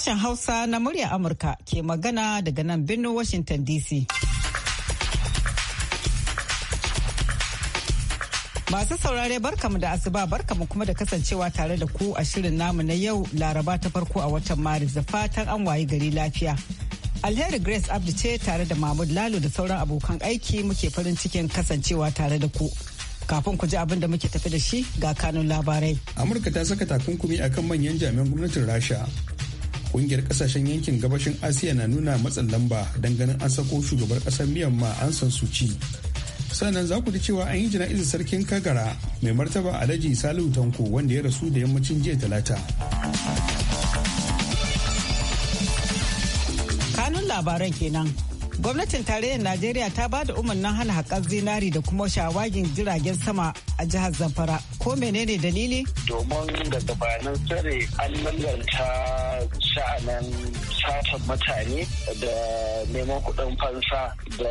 Sashen Hausa na murya Amurka ke magana daga nan birnin Washington DC. Masu saurare barkamu da asuba barkamu kuma da kasancewa tare da ku a shirin namu na yau laraba ta farko a watan Maris da fatan an wayi gari lafiya. Alheri Grace Abdi ce tare da Mahmud Lalo da sauran abokan aiki muke farin cikin kasancewa tare da ku. Kafin ku ji abin da muke tafi da shi ga kanun labarai. Amurka ta saka takunkumi akan manyan jami'an gwamnatin Rasha kungiyar kasashen yankin gabashin asiya na nuna matsin lamba don ganin an sako shugabar kasar miyamma an san ci. sannan za ku ji cewa an yi jana'izar sarkin kagara mai martaba alhaji salihu tanko wanda ya rasu da yammacin jiya talata kanun labaran kenan gwamnatin tarayyar najeriya ta ba da umarnin hana haƙar zinari da kuma shawagin jiragen sama a jihar zamfara ko menene dalili domin daga bayanan tsare an lalanta man. katon mutane da neman kudin fansa da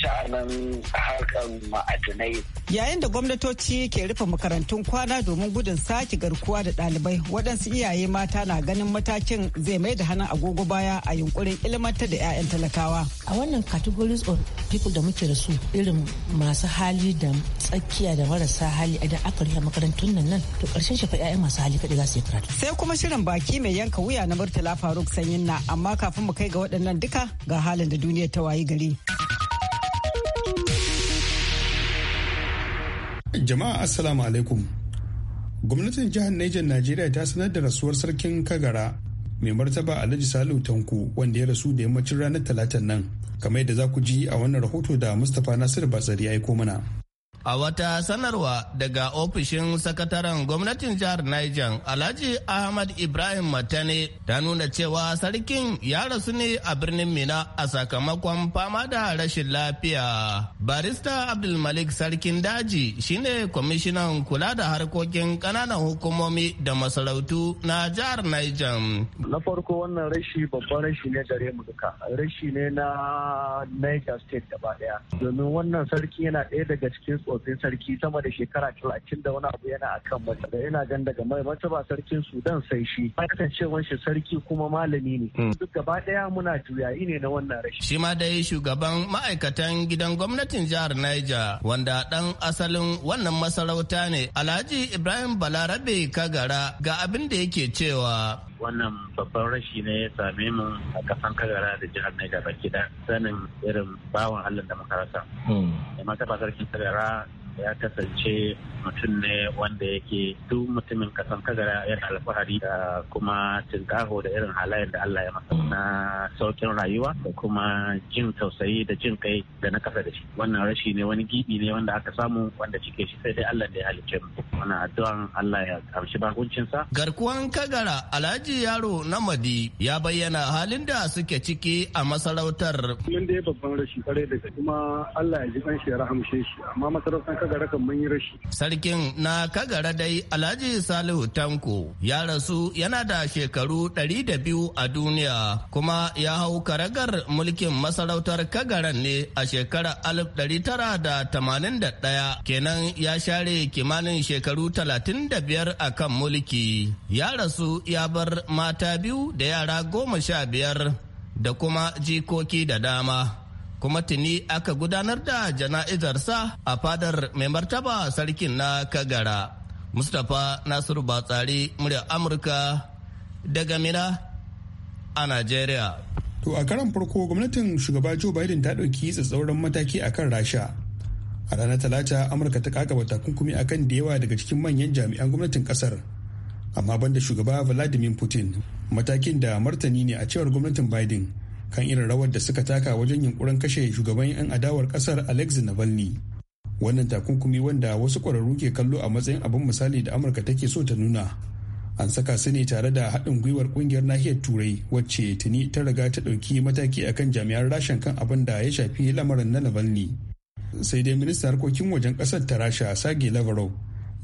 sha'anin harkar ma'adinai. Yayin da gwamnatoci ke rufe makarantun kwana domin gudun sake garkuwa da ɗalibai waɗansu iyaye mata na ganin matakin zai mai da hannun agogo baya a yunkurin ilmantar da 'ya'yan talakawa. A wannan categories of people da muke da su irin masu hali da tsakiya da marasa hali idan aka rufe makarantun nan nan to ƙarshen shafa 'ya'yan masu hali kaɗai za su yi karatu. Sai kuma shirin baki mai yanka wuya na Murtala Faruk sanyin na amma kafin mu kai ga waɗannan duka ga halin da duniyar ta wayi gari. Jama'a Assalamu alaikum. Gwamnatin jihar Nijar Najeriya ta sanar da rasuwar sarkin Kagara mai martaba Alhaji Salihu Tanko wanda ya rasu da yammacin ranar Talatan nan. Kamar yadda za ku ji a wannan rahoto da Mustapha nasiru Batsari ya aiko mana. A wata sanarwa daga ofishin sakataren gwamnatin jihar Niger, Alhaji Ahmad Ibrahim Matane ta nuna cewa sarkin ya rasu ne a birnin Mina a sakamakon fama da rashin lafiya. Barista Abdulmalik Sarkin Daji shine kwamishinan kula da harkokin ƙananan hukumomi da masarautu na jihar Niger. Na farko wannan rashi babban rashi ne gare mu duka. Rashi ne na Niger State gaba ɗaya. Domin wannan sarki yana ɗaya daga cikin matsautsin sarki sama da shekara talatin da wani abu yana akan mata da yana gan daga mai mata ba sarkin sudan sai shi kasancewar shi sarki kuma malami ne hmm. duk gaba daya muna juyayi ne na wannan rashin shi ma dai shugaban ma'aikatan gidan gwamnatin jihar Niger wanda dan asalin wannan masarauta ne Alhaji Ibrahim Balarabe Kagara ga abin da yake cewa wannan babban rashi ne ya same mu a kasan kagara da jihar Niger baki da sanin irin bawan Allah da muka rasa. Hmm. Mai mata kin kagara ya kasance mutum ne wanda yake duk mutumin kasan kagara yana alfahari da kuma tinkaho da irin halayen da Allah ya masa na saukin rayuwa da kuma jin tausayi da jin kai da na kasa da shi wannan rashi ne wani gibi ne wanda aka samu wanda cike shi sai dai Allah da ya halicce mu wannan addu'an Allah ya amshi bakuncin sa garkuwan kagara Alhaji Yaro Namadi ya bayyana halin da suke ciki a masarautar mun dai babban rashi kare da kuma Allah ya ji kan shi ya rahamshe shi amma masarautar kagara kan mun rashi. Sarkin na kagara dai Alhaji Salihu Tanko ya rasu yana da shekaru ɗari a duniya kuma ya hau karagar mulkin masarautar kagaran ne a shekarar alif da tamanin kenan ya share kimanin shekaru talatin da a kan mulki. Ya rasu ya bar mata biyu da yara goma sha biyar da kuma jikoki da dama. kuma tuni aka gudanar da jana'izarsa a fadar mai martaba sarkin na kagara mustapha nasiru batsari murya amurka daga mina a Najeriya. to a karan farko gwamnatin shugaba joe biden ta ɗauki tsatsauran mataki a kan rasha a ranar talata amurka ta kakaba takunkumi akan da yawa daga cikin manyan jami'an gwamnatin kasar amma banda shugaba vladimir putin matakin da martani ne a cewar gwamnatin biden kan irin rawar da suka taka wajen yunkurin kashe shugaban 'yan adawar kasar alexei navalny wannan takunkumi wanda wasu kwararru ke kallo a matsayin abin misali da amurka take so ta nuna an saka su ne tare da haɗin gwiwar ƙungiyar nahiyar turai wacce tuni ta riga ta ɗauki mataki akan jami'an rashin kan abin da ya shafi lamarin na navalny sai dai ministan harkokin wajen ƙasar ta rasha sage lavrov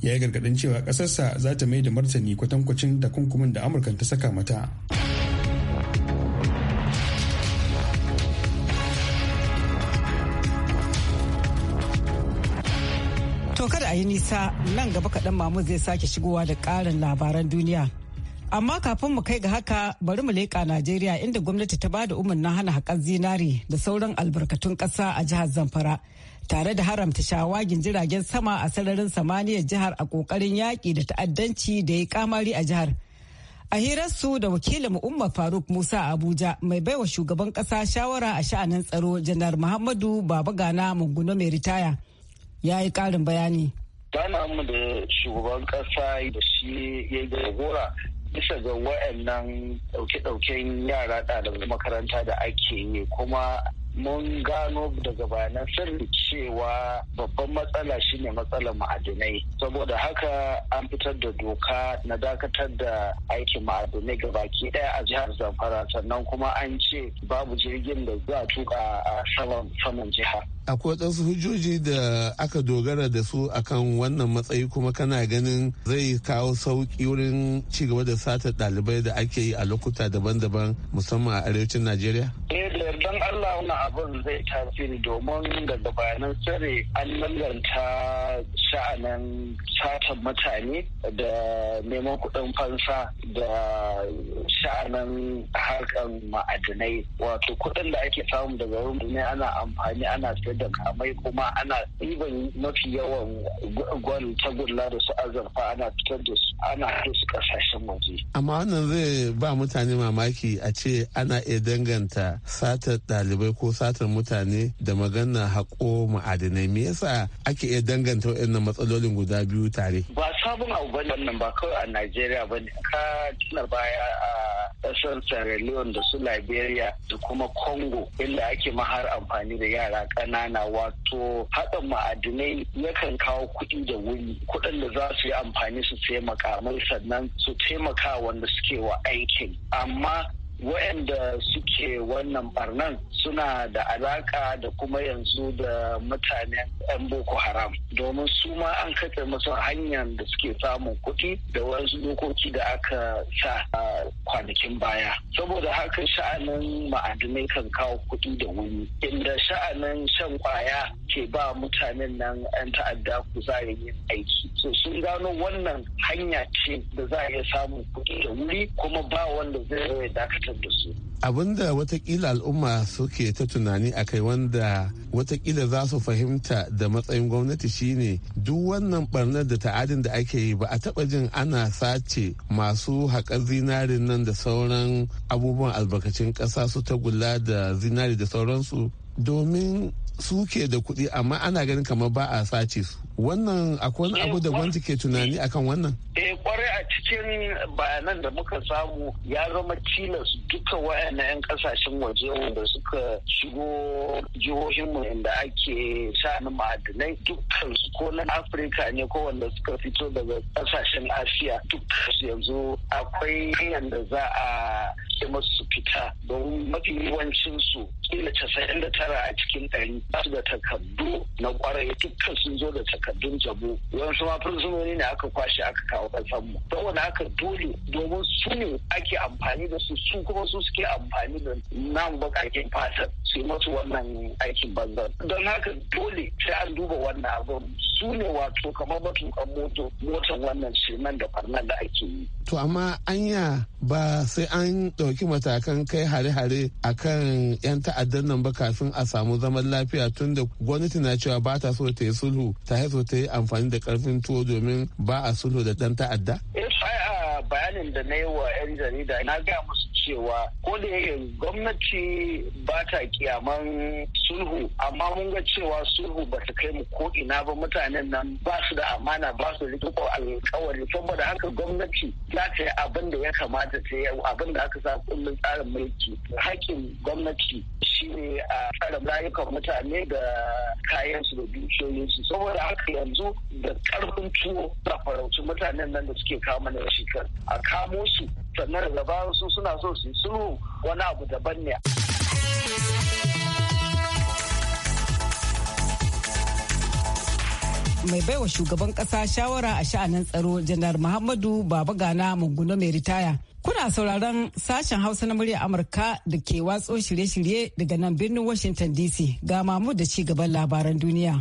ya yi gargaɗin cewa kasarsa za ta mai da martani kwatankwacin takunkumin da amurka ta saka mata. To kada a yi nisa nan gaba kaɗan mamu zai sake shigowa da ƙarin labaran duniya. Amma kafin mu kai ga haka bari mu leƙa Najeriya inda gwamnati ta bada umarnin hana haƙar zinari da sauran albarkatun ƙasa a jihar Zamfara. Tare da haramta shawagin jiragen sama a sararin samaniyar jihar a ƙoƙarin yaƙi da ta'addanci da ya kamari a jihar. A hirarsu da wakilin Umar Faruk Musa Abuja mai baiwa shugaban ƙasa shawara a sha'anin tsaro janar Muhammadu Babagana Mungunu mai ritaya. ya yi ƙarin bayani. bana mu da shugaban ƙasa da shi ya jagora bisa ga wa'annan ɗauke-ɗauken yara ɗaliban makaranta da ake yi kuma mun gano daga bayanan sirri cewa babban matsala shine matsalar ma'adinai saboda haka an fitar da doka na dakatar da aikin ma'adinai ga baki daya a jihar zamfara sannan kuma an ce babu jirgin da za a tuka a saman jihar akwai wadansu hujjoji da aka dogara da su akan wannan matsayi kuma kana ganin zai kawo sauƙi wurin ci gaba da sata ɗalibai da ake yi a lokuta daban-daban musamman a arewacin najeriya eh, yardan Allah wani abin zai tasiri domin daga bayanan sirri an lallanta sha'anin satan mutane da neman kuɗin fansa da sha'anin harkar ma'adinai wato kuɗin da ake samu daga wurin ne ana amfani ana sayar da kamai kuma ana ɗiban mafi yawan gwal ta gulla da su azurfa ana fitar da su ana kai su ƙasashen waje. Amma wannan zai ba mutane mamaki a ce ana iya danganta satar ɗalibai ko satar mutane da magana haƙo ma'adinai me yasa ake iya danganta waɗannan matsalolin guda biyu tare. Ba sabon abu bane wannan ba kawai a Najeriya ba ka tuna baya a ƙasar Sierra Leone da su Liberia da kuma Congo inda ake mahar amfani da yara ƙanana wato haɗa ma'adinai yakan kawo kuɗi da wuri kuɗin da za su yi amfani su taimaka mai sannan su taimaka wanda suke wa aikin amma waɗanda suke wannan barnan suna da alaka da kuma yanzu da mutanen 'yan boko haram domin su ma an katse musu hanyar da suke samun kuɗi da wasu dokoki da aka sa a kwanakin baya saboda haka sha'anin ma'adinai kan kawo kuɗi da wuri inda sha'anin shan kwaya ke ba mutanen nan 'yan ta'adda kuzarin yin aiki so sun gano wannan hanya ce da za a iya samun kuɗi da wuri kuma ba wanda zai dakatar aiwatar da su. Abinda watakila al'umma suke ta tunani a kai wanda watakila za su fahimta da matsayin gwamnati shine duk wannan barnar da ta'adin da ake yi ba a taba jin ana sace masu haƙar zinari nan da sauran abubuwan albarkacin ƙasa su tagulla da zinari da sauransu domin suke da kuɗi amma ana ganin kamar ba a sace su wannan akwai wani abu da eh, gwamnati ke tunani eh, akan wannan eh kwarai a cikin bayanan da muka samu ya zama cilas duka wayannan yan kasashen waje wanda suka shigo jihohin mu inda ake sani ma'adinai dukkan su ko na afirka ne ko wanda suka fito daga kasashen asiya dukkan su yanzu akwai hanyar da za a ce masu su fita don mafi yawancin su kila casa'in da tara a cikin ɗari ba su da takardu na kwarai dukkan sun zo da takardun jabo wasu ma fursunoni ne aka kwashe aka kawo ƙasar mu wani aka dole domin su ne ake amfani da su su kuma su suke amfani da nan baƙaƙen fatan su yi masu wannan aikin banza don haka dole sai an duba wannan abin su ne wato kamar matukan moto motan wannan shirman da farnan da ake yi. to amma anya ba sai an ɗauki matakan kai hare-hare a kan 'yan ta'addar nan ba kafin a samu zaman lafiya tun da gwamnati na cewa ba ta so ta yi sulhu ta so ta yi amfani da ƙarfin tuwo domin ba a sulhu da ɗan ta'adda? Uh, bayanin da na yi wa 'yan jarida na gaya musu cewa ko da yake gwamnati ba ta kiyaman sulhu amma mun ga cewa sulhu ba ta kai mu ko ina ba mutanen nan ba su da amana ba su da ko alkawari saboda haka gwamnati za ta yi abin da ya kamata ta yi abin da aka sa kullum tsarin mulki hakkin gwamnati ne a tsara rayukan mutane da kayan su da dukiyoyin su saboda haka yanzu da karfin tuwo na farauci mutanen nan da suke kama na shekar a kamo su sannan da su suna so su yi sulhu wani abu daban ne. mai baiwa shugaban kasa shawara a sha'anin tsaro janar muhammadu baba gana mai ritaya Kuna sauraron sashen Hausa na murya Amurka da ke watso shirye-shirye daga nan birnin Washington DC ga mamu da ci gaban labaran duniya.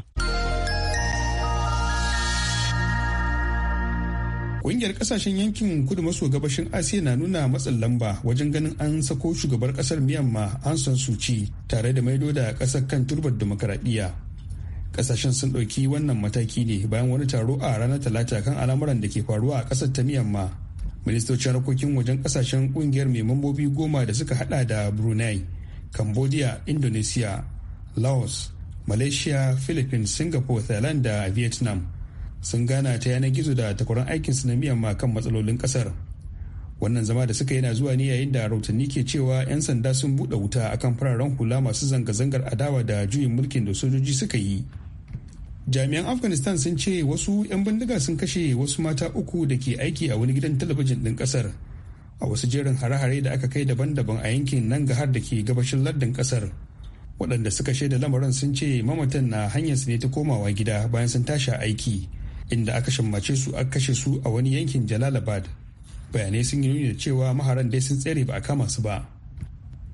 kungiyar kasashen yankin kudu maso gabashin Asiya na nuna matsin lamba wajen ganin an sako shugabar kasar miyamma an San suci ci tare da maido da kasar kan turbar demokaradiyya. kasashen sun ɗauki wannan mataki ne bayan wani taro a ranar Talata kan al'amuran da ke faruwa a kasar ta miyamma. ministocin harkokin wajen kasashen kungiyar mai mambobi goma da suka hada da brunei cambodia indonesia laos malaysia philippines singapore thailand da vietnam sun gana ta yanar gizo da aikin su na miyamma kan matsalolin kasar wannan zama da suka yi na zuwa ne yayin da rahotanni ke cewa 'yan sanda sun buɗe wuta akan fararen hula masu zanga-zangar adawa da juyin mulkin da sojoji suka yi jami'an afghanistan sun ce wasu 'yan bindiga sun kashe wasu mata uku da ke aiki a wani gidan talabijin din kasar. a wasu jerin hare-hare da aka kai daban-daban a yankin nan ga har da ke gabashin lardin kasar. waɗanda suka shaida lamarin sun ce mamatan na hanyar su ne ta komawa gida bayan sun tashi aiki inda aka shammace su a kashe su a wani yankin jalalabad bayanai sun yi nuni da cewa maharan dai sun tsere ba a kama su ba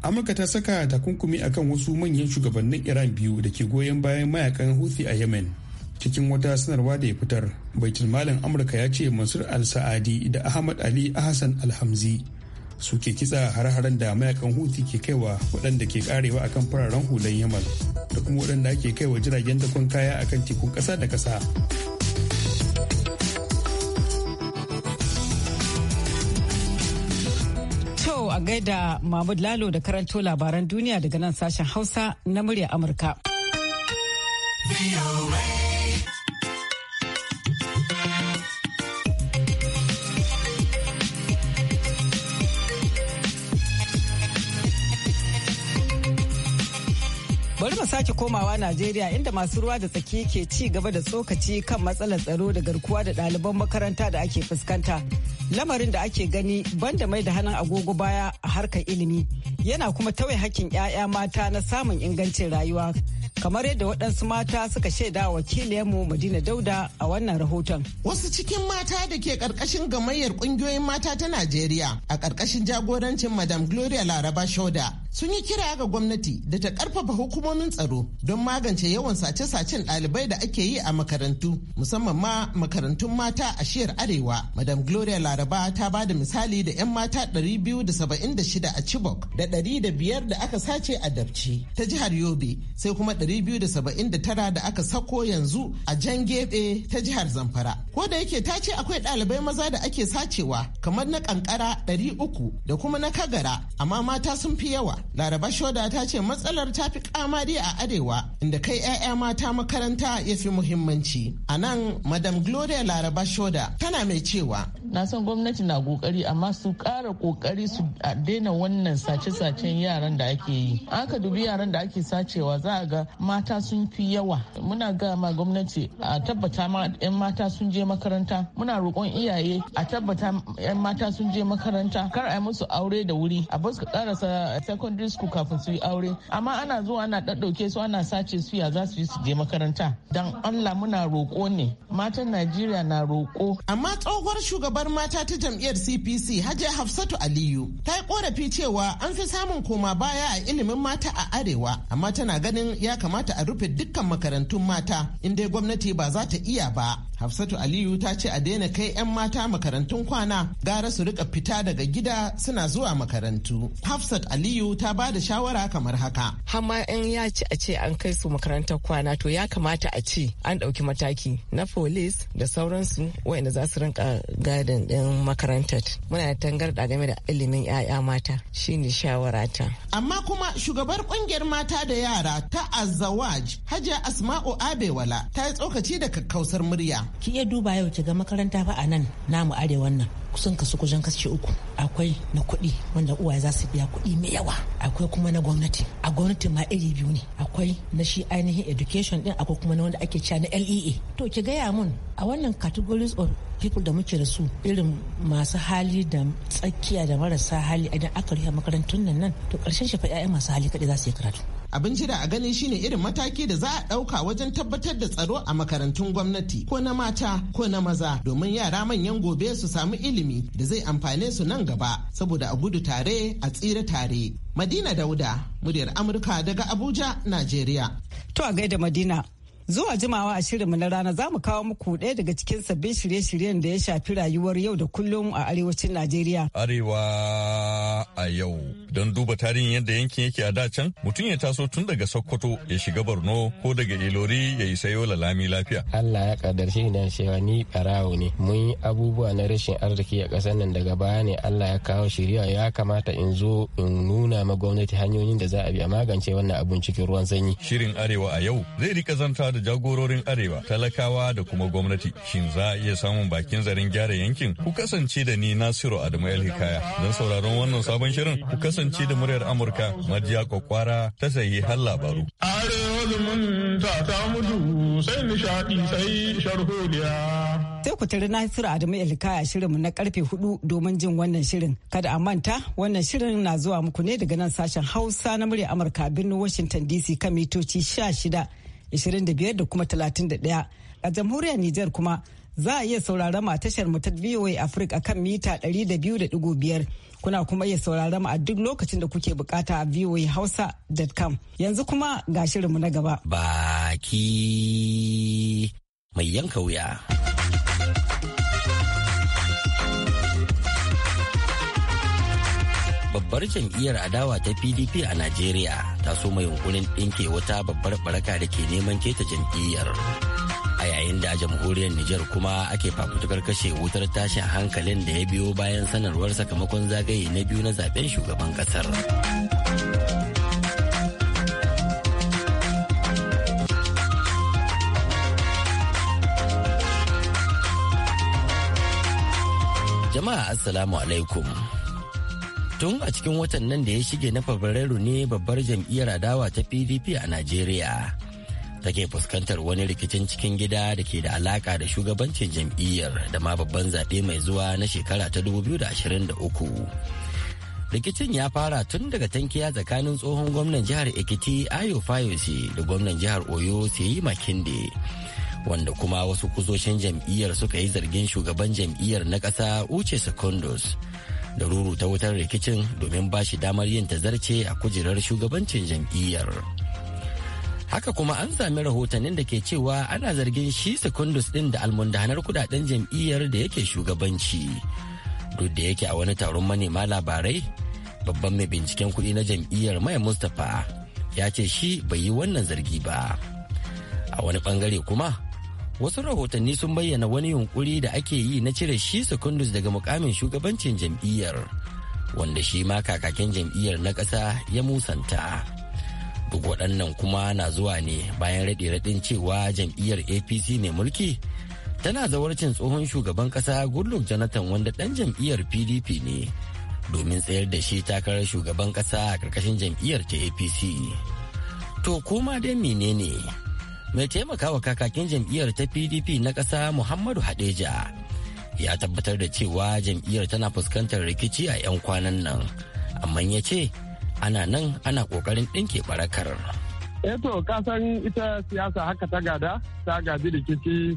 amurka ta saka takunkumi akan wasu manyan shugabannin iran biyu da ke goyon bayan mayakan houthi a yemen cikin wata sanarwa da ya fitar baitul malin amurka ya ce mansur al-sa'adi da ahmad ali ahsan alhamzi su ke kitsa har-haren da mayakan huti ke kaiwa waɗanda ke karewa akan fararen hulan yamal da kuma waɗanda ake kaiwa jiragen dakon kaya akan tekun ƙasa da ƙasa a gaida Mahmud Lalo da karanto labaran duniya daga nan sashen Hausa na murya Amurka. sake komawa Najeriya inda masu ruwa da tsaki ke ci gaba da tsokaci kan matsalar tsaro da garkuwa da ɗaliban makaranta da ake fuskanta. Lamarin da ake gani banda mai da hannun agogo baya a harkar ilimi yana kuma tauye hakkin 'ya'ya mata na samun ingancin rayuwa. kamar yadda waɗansu mata suka shaida wa wakiliyarmu Madina Dauda a wannan rahoton. Wasu cikin mata da ke ƙarƙashin gamayyar ƙungiyoyin mata ta Najeriya a ƙarƙashin jagorancin Madam Gloria Laraba Shoda sun yi kira ga gwamnati da ta ƙarfafa hukumomin tsaro don magance yawan sace-sacen ɗalibai da ake yi a makarantu musamman ma makarantun mata a shiyar Arewa. Madam Gloria Laraba ta ba da misali da 'yan mata 276 a Chibok da 500 da aka sace a Dabci ta jihar Yobe sai kuma 279 da aka sako yanzu a jan gebe ta jihar Zamfara. Ko da yake ta ce akwai ɗalibai maza da ake sacewa kamar na kankara 300 da kuma na kagara amma mata sun fi yawa. Laraba Shoda ta ce matsalar ta fi kamari a arewa inda kai 'ya'ya mata makaranta ya fi muhimmanci. A nan Madam Gloria Laraba Shoda tana mai cewa. Na san gwamnati na kokari amma su ƙara kokari su daina wannan sace-sacen yaran da ake yi. Aka dubi yaran da ake sacewa za a ga mata sun fi yawa muna ga ma gwamnati a tabbata ma 'yan mata sun je makaranta muna roƙon iyaye a tabbata 'yan mata sun je makaranta kar a musu aure da wuri a basu karasa secondary school kafin su yi aure amma ana zuwa ana ɗaɗɗauke su ana sace su ya za su yi su je makaranta dan Allah muna roƙo ne matan Najeriya na roƙo amma tsohuwar shugabar mata ta jam'iyyar CPC Hajiya Hafsatu Aliyu ta yi korafi cewa an fi samun koma baya a ilimin mata a arewa amma tana ganin ya kamata a rufe dukkan makarantun mata in dai gwamnati ba za ta iya ba Hafsatu Aliyu ta ce a daina kai 'yan mata makarantun kwana gara su rika fita daga gida suna zuwa makarantu. Hafsat Aliyu ta ba da shawara kamar haka. Hama 'yan ya ci a ce an kai su makarantar kwana to ya kamata a ce an ɗauki mataki na polis da sauransu waɗanda za su rinka gadin ɗin makarantar. Muna da tangarɗa game da ilimin 'ya'ya mata shine shawarata. Amma kuma shugabar ƙungiyar mata da yara ta Azawaj Hajiya Asma'u Abewala ta yi tsokaci da kakkausar murya. ki iya duba yau ki ga makaranta fa a nan namu arewan nan kusan kasu kujan kashi uku akwai na kuɗi wanda uwaye za su biya kuɗi mai yawa akwai kuma na gwamnati a gwamnati ma iri biyu ne akwai na shi ainihin education din akwai kuma na wanda ake cewa na LEA to ki gaya mun a wannan categories of people da muke da su irin masu hali da tsakiya da marasa hali idan aka rufe makarantun nan nan to karshen shafa 'ya'ya masu hali kaɗai za su yi karatu Abin jira a gani shine irin mataki da za a ɗauka wajen tabbatar da tsaro a makarantun gwamnati ko na mata ko na maza domin yara manyan gobe su samu ilimi da zai amfane su nan gaba saboda a gudu tare a tsira tare. Madina Dauda, muryar Amurka daga Abuja, Najeriya. To a gaida Madina. Zuwa jimawa a shirinmu na rana za mu kawo muku ɗaya daga cikin sabbin shirye-shiryen da ya shafi rayuwar yau da kullum a arewacin Najeriya. Arewa a yau. Don duba tarihin yadda yankin yake a dacan mutum ya taso tun daga Sokoto ya shiga Borno ko daga Ilori ya isa Yola lami lafiya. Allah ya kadarci da cewa ni barawo ne. Mun yi abubuwa na rashin arziki a ƙasar nan daga baya ne Allah ya kawo shirya ya kamata in zo in nuna ma gwamnati hanyoyin da za a bi a magance wannan abun cikin ruwan sanyi. Shirin Arewa a yau zai rika zanta da jagororin arewa talakawa da kuma gwamnati shin za a iya samun bakin zarin gyara yankin ku kasance da ni nasiru adamu hikaya don sauraron wannan sabon shirin ku kasance da muryar amurka majiya kwakwara ta sayi har labaru sai sai sai ku tare Nasiru Adamu Elkaya shirinmu na karfe hudu domin jin wannan shirin. Kada a manta wannan shirin na zuwa muku ne daga nan sashen Hausa na murya Amurka birnin Washington DC kan mitoci shida. 25 da kuma 31 a jamhuriyar Nijar kuma za a iya saurara ma tashar mu ta VOA Africa kan mita 200.5 kuna kuma iya saurara mu a duk lokacin da kuke bukata a voahausa.com yanzu kuma ga shirinmu na gaba baki mai yanka wuya babbar jam'iyyar adawa ta pdp a najeriya ta so mai yunkurin ɗinke wata babbar baraka da ke neman keta jam'iyyar a yayin da jamhuriyar niger kuma ake fafutukar kashe wutar tashin hankalin da ya biyo bayan sanarwar sakamakon zagaye na biyu na zaben shugaban kasar jama'a assalamu alaikum tun a cikin watan nan da ya shige na fabrairu ne babbar jam'iyyar adawa ta pdp a najeriya take fuskantar wani rikicin cikin gida da ke da alaka da shugabancin jam'iyyar da ma babban zaɓe mai zuwa na shekara ta 2023 rikicin ya fara tun daga tankiya tsakanin tsohon gwamnan jihar ekiti ayo fayose da gwamnan jihar oyo yi makinde wanda kuma wasu kusoshin jam'iyyar suka yi zargin shugaban jam'iyyar na ƙasa uche secondus da ruru ta wutar rikicin domin ba shi damar yin tazarce a kujerar shugabancin jam'iyyar. Haka kuma an sami rahotannin da ke cewa ana zargin shi secondus ɗin da almundahanar kudaden jam'iyyar da yake shugabanci. Duk da yake a wani taron manema labarai, babban mai binciken kuɗi na jam'iyyar Maya Mustapha ya ce shi bai yi wannan zargi ba. A wani bangare kuma, wasu rahotanni sun bayyana wani yunkuri da ake yi na cire shi secondus daga mukamin shugabancin jam'iyyar wanda shi ma kakakin jam'iyyar na ƙasa ya musanta duk waɗannan kuma na zuwa ne bayan raɗe-raɗin cewa jam'iyyar apc ne mulki tana zawarcin tsohon shugaban ƙasa goodluck jonathan wanda ɗan jam'iyyar pdp ne domin tsayar da shi takarar shugaban ƙasa a ƙarƙashin jam'iyyar ta apc to koma dai menene mai taimakawa kakakin jam'iyyar ta pdp na ƙasa muhammadu hadeja ya tabbatar da cewa jam'iyyar tana fuskantar rikici a 'yan kwanan nan amma ya ce ana nan ana ƙoƙarin ɗinke barakar eto eh kasan ita siyasa haka ta gada ta gaji rikici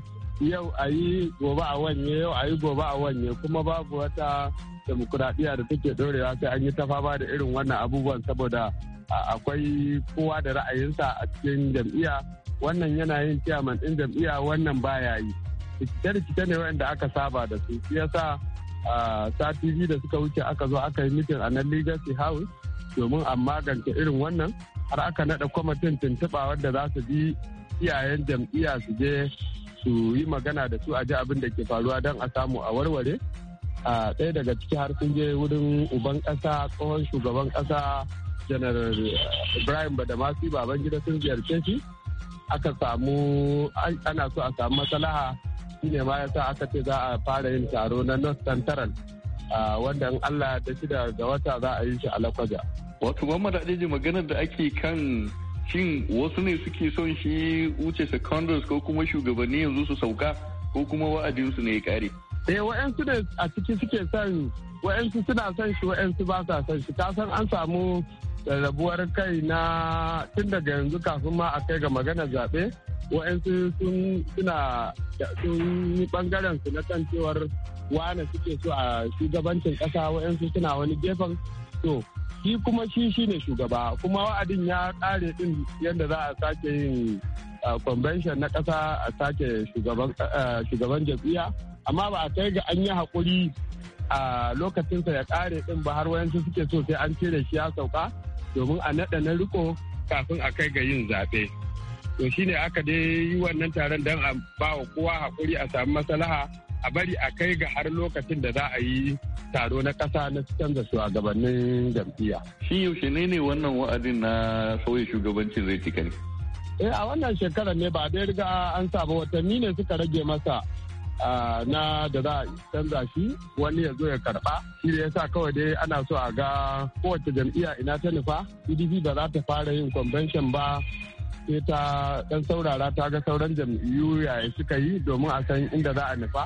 yau a yi gobe a wanye yau a yi gobe a wanye kuma babu wata demokuraɗiyya da take ɗorewa sai an yi ta fama da irin wannan abubuwan saboda akwai kowa da ra'ayinsa a cikin jam'iyya wannan yana yin ciyaman ɗin jam'iyya wannan baya yi rikice-rikice ne wanda aka saba da su shi yasa sati biyu da suka wuce aka zo aka yi mitin a nan legacy house domin a magance irin wannan har aka naɗa kwamitin tuntuɓa wadda za su bi iyayen jam'iyya su je su yi magana da su a ji abin da ke faruwa don a samu a warware a ɗaya daga ciki har sun je wurin uban ƙasa tsohon shugaban ƙasa janar ibrahim badamasi babangida sun ziyarce shi aka samu ana so a samu masalaha shine ma yasa aka ce za a fara yin taro na north central wanda in allah da shida ga wata za a yi shi a lakwaja wato mamma da maganar da ake kan shin wasu ne suke son shi wuce secondaries ko kuma shugabanni yanzu su sauka ko kuma wa'adinsu ne ya kare eh wa'ansu ne a ciki suke son wa'ansu suna son shi wa'ansu ba sa son shi san an samu rabuwar kai na tun daga yanzu kafin ma a kai ga magana zaɓe wa'yansu sun suna sun yi bangaren su na kan cewar wane suke so a shugabancin ƙasa wa'yansu suna wani gefen to shi kuma shi shi ne shugaba kuma wa'adin ya ƙare ɗin yadda za a sake yin convention na ƙasa a sake shugaban jam'iyya amma ba a kai ga an yi hakuri a lokacinsa ya ƙare ɗin ba har wayansu suke so sai an cire shi ya sauka domin a naɗa na riko kafin a kai ga yin zaɓe. To shi ne aka dai yi wannan taron don a ba wa kowa haƙuri a samu maslaha a bari a kai ga har lokacin da za a yi taro na ƙasa na canza shugabannin jam'iyya. Shi yaushe ne ne wannan wa'adin na sauya shugabancin zai cika ne? Eh a wannan shekarar ne ba dai riga an saba watanni ne suka rage masa Ah, na da za a canza shi wani ya zo ya karba shi da yasa kawai dai ana so a ga kowace jam'iyya ina ta nufa pdp ba za ta fara yin convention ba sai ta dan saurara ta ga sauran jam'iyyu yaya suka yi domin a san inda za a nufa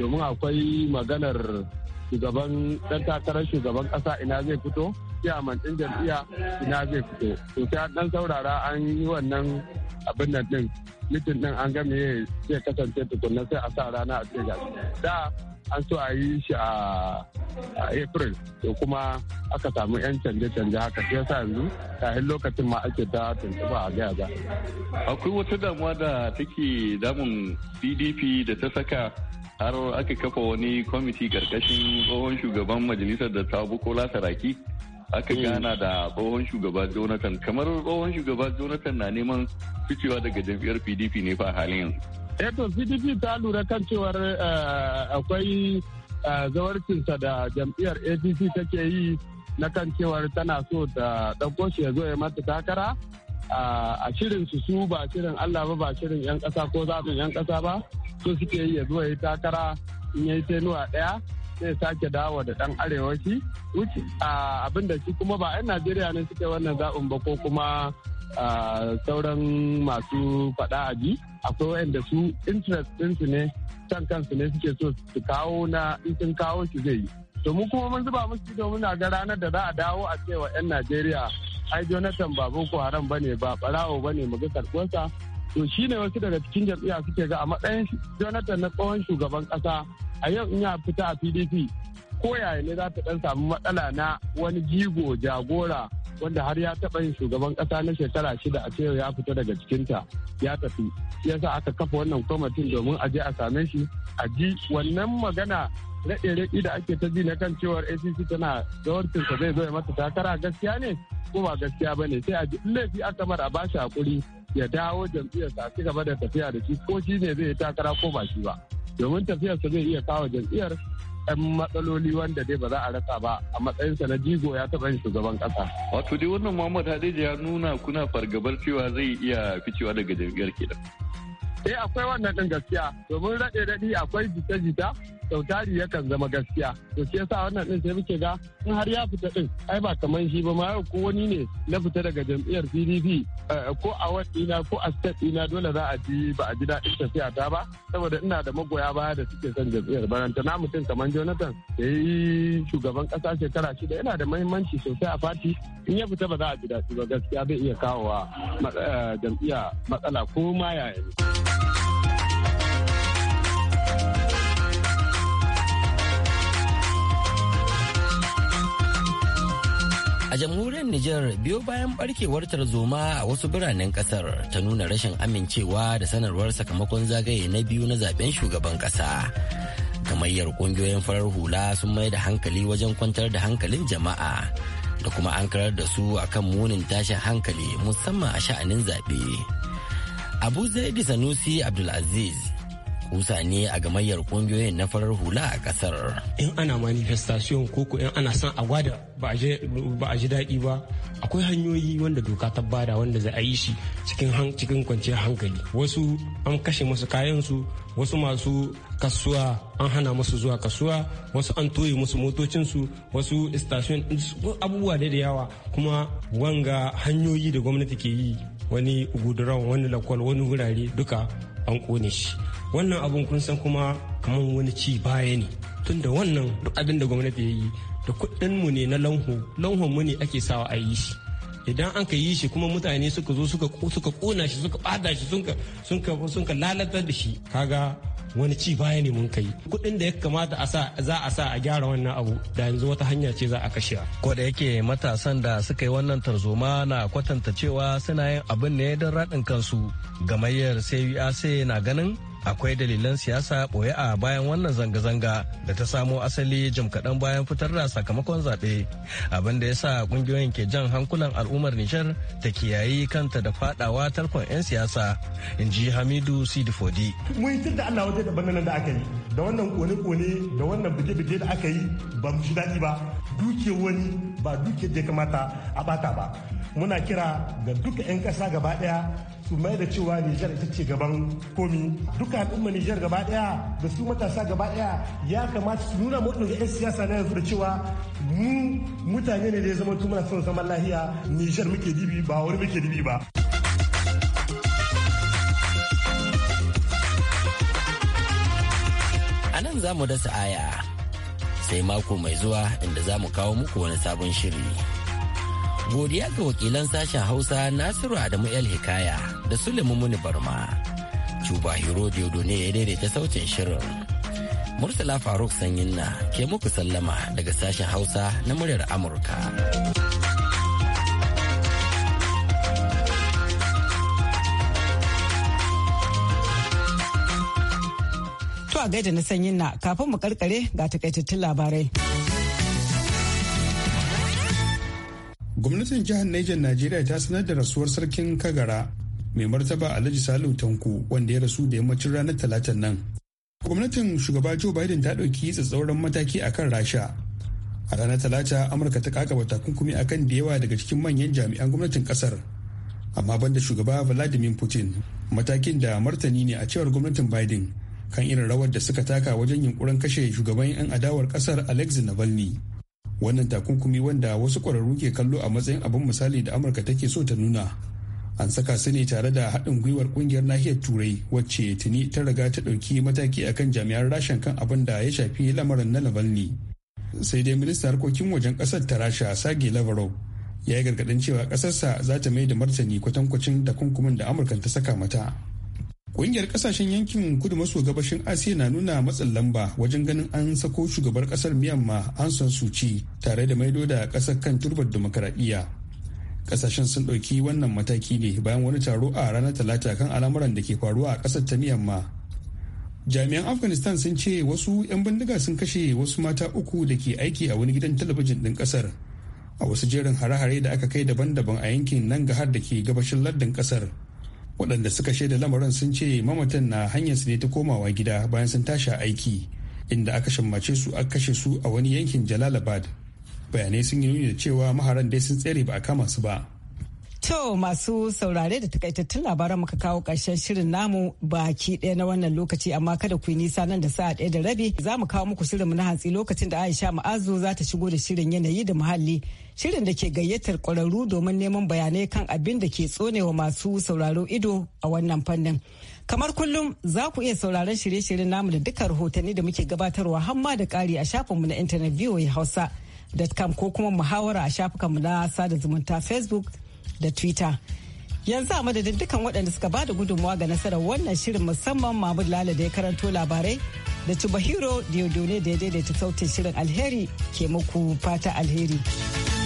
domin akwai maganar shugaban dan takarar shugaban kasa ina zai fito ciyaman ɗin jam'iyya ina zai fito to sai dan saurara an yi wannan abin nan din mitin din an game zai kasance tukunna sai a sa rana a ce da an so a yi shi a april to kuma aka samu 'yan canje-canje haka sai sa yanzu kafin lokacin ma ake ta tuntuba a gaya ba akwai wata damuwa da take damun pdp da ta saka har aka kafa wani kwamiti karkashin tsohon shugaban majalisar da ta bukola saraki aka mm. gana da tsohon shugaba jonathan kamar tsohon shugaba jonathan na neman ficewa daga jam'iyyar pdp ne fa halin yanzu eto eh, pdp ta lura kan cewar eh, akwai eh, zawarcinsa da jam'iyyar apc take yi na kan cewar tana so da ɗauko shi ya zo ya mata takara ah, a shirin su su ba shirin allah ba ba shirin 'yan ƙasa ko zaɓin 'yan ƙasa ba so suke yi ya zo ya yi takara in ya yi tenuwa ɗaya zai sake dawo da dan arewa shi wuce abin da shi kuma ba 'yan najeriya ne suke wannan zaɓin ba ko kuma sauran masu faɗa a abi akwai wa'anda su interest ɗinsu ne kan kansu ne suke so su kawo na in kawo shi zai yi to mu kuma mun zuba musu domin muna ga ranar da za a dawo a cewa 'yan najeriya ai jonathan ba boko haram bane ba barawo bane mu ga to shine wasu daga cikin jam'iyya suke ga a matsayin jonathan na tsohon shugaban kasa a yau in ya fita a pdp ko yaya ne za ta dan samu matsala na wani jigo jagora wanda har ya taba yin shugaban kasa na shekara shida a cewa ya fita daga cikinta ya tafi shi yasa aka kafa wannan kwamitin domin a je a same shi a ji wannan magana na da ake ta ji na kan cewar acc tana sa zai zo ya mata takara gaskiya ne ko ba gaskiya ba ne sai a ji laifi aka mara a bashi hakuri ya dawo jam'iyyarsa a ci gaba da tafiya da shi ko shi ne zai yi takara ko ba shi ba. domin tafiyarsa zai iya kawo jam'iyyar 'yan matsaloli wanda dai ba za a rasa ba a matsayinsa na jigo ya taɓa yin shugaban ƙasa. Wato dai wannan Muhammad Hadeja ya nuna kuna fargabar cewa zai iya ficewa daga jam'iyyar kenan. Eh akwai wannan ɗin gaskiya domin raɗe raɗi akwai jita-jita sautari yakan zama gaskiya to shi yasa wannan din sai muke ga in har ya fita din ai ba kaman shi ba ma ko wani ne na fita daga jam'iyyar PDP eh, ko a na ko a state ina dole za a ji ba a ji daɗin tafiya ta ba saboda ina da magoya baya da suke son jam'iyyar baranta na mutum kaman Jonathan da yi shugaban kasa shekara shida yana da mahimmanci sosai a fati in ya fita ba za a ji daɗi ba gaskiya zai iya kawo wa eh, jam'iyya matsala ko ma yaya a jamhuriyar Nijar biyo bayan barkewar tarzoma a wasu biranen kasar ta nuna rashin amincewa da sanarwar sakamakon zagaye na biyu na zaben shugaban kasa. Gamayyar kungiyoyin farar hula sun mai da hankali wajen kwantar da hankalin jama'a da kuma an karar da su akan munin tashin hankali musamman a sha'anin zaɓe. Abu Zaidi Sanusi Abdulaziz kusa ne a gamayyar kungiyoyin na farar hula a kasar. In ana manifestation ko in ana san a gwada ba a ji daɗi ba akwai hanyoyi wanda doka ta bada wanda za a yi shi cikin kwanciyar hankali wasu an kashe masu kayansu wasu masu kasuwa an hana musu zuwa kasuwa wasu an toye musu motocinsu wasu station abubuwa da da yawa kuma wanga hanyoyi da gwamnati ke yi wani gudurau wani lakwal wani wurare duka an kone shi wannan abun kun san kuma kamar wani ci baya ne tunda wannan duk abin da gwamnati ya yi da kuɗin mu ne na lanho lanhon mu ne ake sawa a yi shi idan an ka yi shi kuma mutane suka zo suka suka kona shi suka bada shi suka suka suka lalatar da shi kaga wani ci baya ne mun kai kuɗin da ya kamata za a sa a gyara wannan abu da yanzu wata hanya ce za a kashe ko da yake matasan da suka yi wannan tarzoma na kwatanta cewa suna yin abin ne don raɗin kansu gamayyar sai na ganin akwai dalilan siyasa ɓoye a bayan wannan zanga-zanga da ta samo asali jim kaɗan bayan fitar da sakamakon zaɓe abin da ya sa ƙungiyoyin ke jan hankulan al'ummar nijar ta kiyayi kanta da faɗawa tarkon 'yan siyasa in ji hamidu sidifodi mun yi da allah waje da bannan da aka yi da wannan kone-kone da wannan buge-buge da aka yi ba mu shi daɗi ba duke wani ba duke da kamata a bata ba muna kira ga duka 'yan kasa gaba daya su mai da cewa Nijar ita ce gaban komi duka al'umma Nijar gaba daya da su matasa gaba daya ya kamata su nuna mutum ga 'yan siyasa na yanzu da cewa mu mutane ne da ya zama mana son zaman lahiya Nijar muke dibi ba wani muke dibi ba. A nan za mu dasa aya sai mako mai zuwa inda za mu kawo muku wani sabon shiri. Godiya ga wakilan sashen Hausa Nasiru Adamu El Hikaya da Suleiman Muni Barma. Cuba Hero ne ya daidaita sautin shirin. Murtala Faruk Sanyinna ke muku sallama daga sashen Hausa na muryar Amurka. To a gaida na Sanyinna kafin mu karkare ga takaitattun labarai. gwamnatin jihar Niger Najeriya ta sanar da rasuwar sarkin Kagara mai martaba Alhaji salu Tanko wanda ya rasu da yammacin ranar Talatan nan. Gwamnatin shugaba Joe Biden ta ɗauki tsatsauran mataki a kan Rasha. A ranar Talata Amurka ta kakaba takunkumi akan da yawa daga cikin manyan jami'an gwamnatin kasar. Amma banda shugaba Vladimir Putin matakin da martani ne a cewar gwamnatin Biden kan irin rawar da suka taka wajen yunkurin kashe shugaban 'yan adawar kasar Alexei Navalny. wannan takunkumi wanda wasu ƙwararru ke kallo a matsayin abin misali da amurka take so ta nuna an saka su ne tare da haɗin gwiwar ƙungiyar nahiyar turai wacce tuni ta riga ta ɗauki mataki akan jami'an rashin kan abin da ya shafi lamarin na navalny sai dai ministan harkokin wajen ƙasar ta rasha sage lavrov ya yi gargaɗin cewa ƙasarsa za ta mai da martani kwatankwacin takunkumin da amurka ta saka mata Kungiyar kasashen yankin kudu maso gabashin Asiya na nuna matsin lamba wajen ganin an sako shugabar kasar Myanmar an San suci tare da maido da ƙasar kan turbar demokaradiyya. Ƙasashen sun ɗauki wannan mataki ne bayan wani taro a ranar Talata kan al'amuran da ke faruwa a kasar ta Myanmar. Jami'an Afghanistan sun ce wasu 'yan bindiga sun kashe wasu mata uku da ke aiki a wani gidan talabijin ɗin ƙasar a wasu jerin hare-hare da aka kai daban-daban a yankin nan har da ke gabashin lardin ƙasar. waɗanda suka shaida lamarin sun ce mamatan na hanyar su ne ta komawa gida bayan sun tashi aiki inda aka shammace su aka kashe su a wani yankin jalalabad bayanai sun yi nuni da cewa maharan dai sun tsere ba a kama su ba To masu saurare da takaitattun labaran muka kawo ƙarshen shirin namu baki ɗaya na wannan lokaci amma kada ku yi nisa nan da sa'a ɗaya da rabi za mu kawo muku shirinmu na hantsi lokacin da Aisha Ma'azu za ta shigo da shirin yanayi da muhalli shirin da ke gayyatar ƙwararru domin neman bayanai kan abin da ke tsonewa masu sauraro ido a wannan fannin. Kamar kullum za ku iya sauraron shirye-shiryen namu da duka rahotanni da muke gabatarwa hamma da ƙari a shafinmu na intanet voahausa.com ko kuma muhawara a shafukanmu na sada zumunta Facebook da Twitter. Yanzu a madadin dukkan waɗanda suka ba da gudunmawa ga nasarar wannan shirin musamman Mahmud Lalo da ya karanto labarai da tuba Chubahiro Diodone da ya daidaita sautin shirin alheri ke muku fata alheri.